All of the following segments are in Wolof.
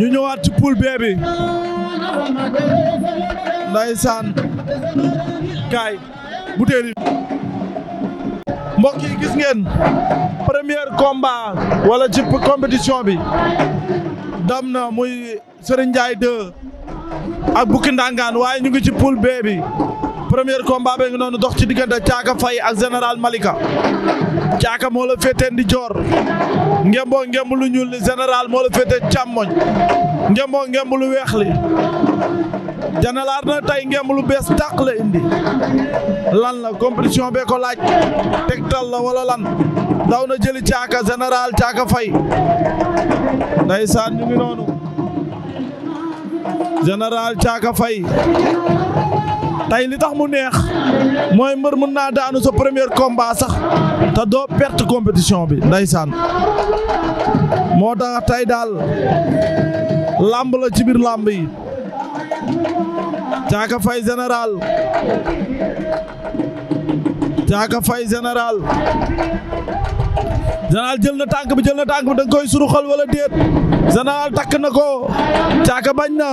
ñu ñëwaat ci poule bee bi ndaysaan kaay butéel yi mbokk gis ngeen premier combat walla ci compétition bi dam na muy Serigne Ndiaye 2 ak Bouki Ndangaan waaye ñu ngi ci poule bee bi premier combat bi ngi noonu dox ci diggante Thiaka Faye ak général Malika Thiaka moo la féete ndi joor ngemboo lu ñuul li général moo la féete càmmoñ ngemboo ngemb lu weex li général na tey ngemb lu bees tàq la indi lan la compétition bee ko laaj tegtal la wala lan daw na jëli Thiaka général Thiaka Faye ndeysaan ñu ngi noonu général Thiaka Faye tey li tax mu neex mooy mbër mën naa daanu sa premier combat sax te doo perte compétition bi ndeysaan moo tax tay daal làmb la ci biir làmb yi caaka fay général caaka fay général général jël na tànk bi jël na tànk bi da koy suru xol wala déet général takk na ko caaka bañ na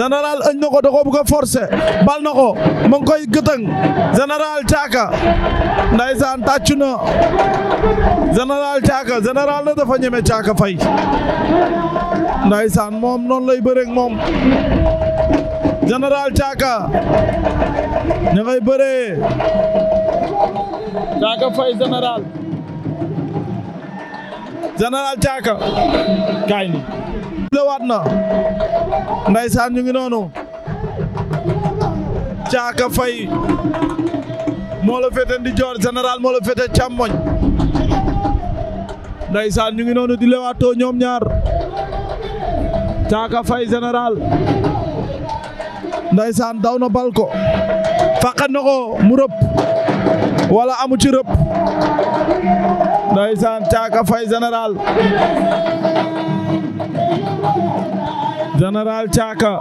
général ëñ na ko da ko bëgg a bal na ko ma ngi koy gëtëng général caaka ndaysaan tàccu na général caaka général na dafa ñeme caaka fay ndaysaan moom noonu lay bëreeg moom général caaka ña ngay bëree caaka fay général général Thiaka kaay ni lewaat na ndaysaan ñu ngi noonu Thiaka Faye moo la féete ndijoor général moo la féete càmmoñ ndaysaan ñu ngi noonu di lewaatoo ñoom ñaar Thiaka Faye général ndaysaan daw na bal ko fàqat na ko mu rëpp wala amu ci rëb ndeysaan Caaka Fay général général Caaka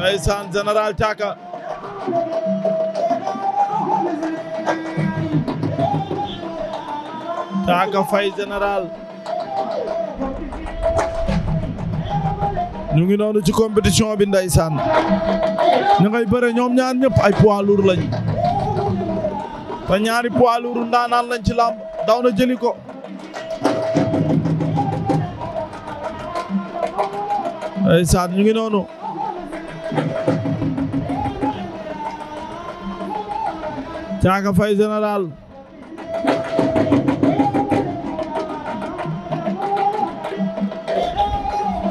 ndeysaan général Caaka Caaka Fay général ñu ngi noonu ci compétition bi ndeysaan ñu ngay bëre ñoom ñaar ñëpp ay poids lourd te ñaari poids lourd ndaanaan lañ ci làmb daw na jëli ko ñu ngi noonu Caaka Fay général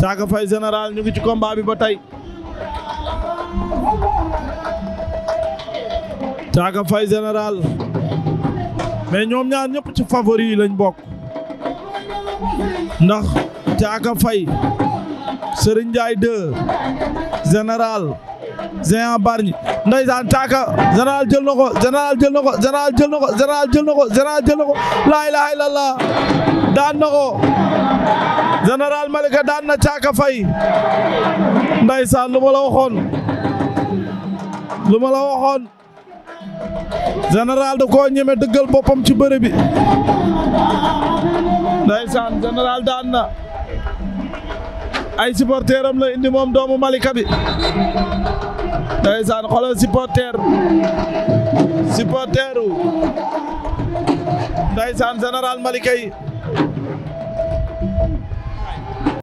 Caaka Fay général ñu ngi ci combat ba tey Caaka Fay général mais ñoom ñaar ñëpp ci favori yi lañ bokk ndax Caaka Fay Serigne Ndiaye 2 général Géant Bargny ndeysaan Caaka général jël na jël na ko jël na ko jël na ko jël na laa ilaaha illallaah daan na ko général daan na Caaka Fay ndeysaan lu ma la waxoon lu général da koo ñeme dëggal boppam ci bëre bi ndaysaan général daan na ay supporter la indi moom doomu Malika bi ndaysaan xoolal supporter supporteru ndaysaan général Malika yi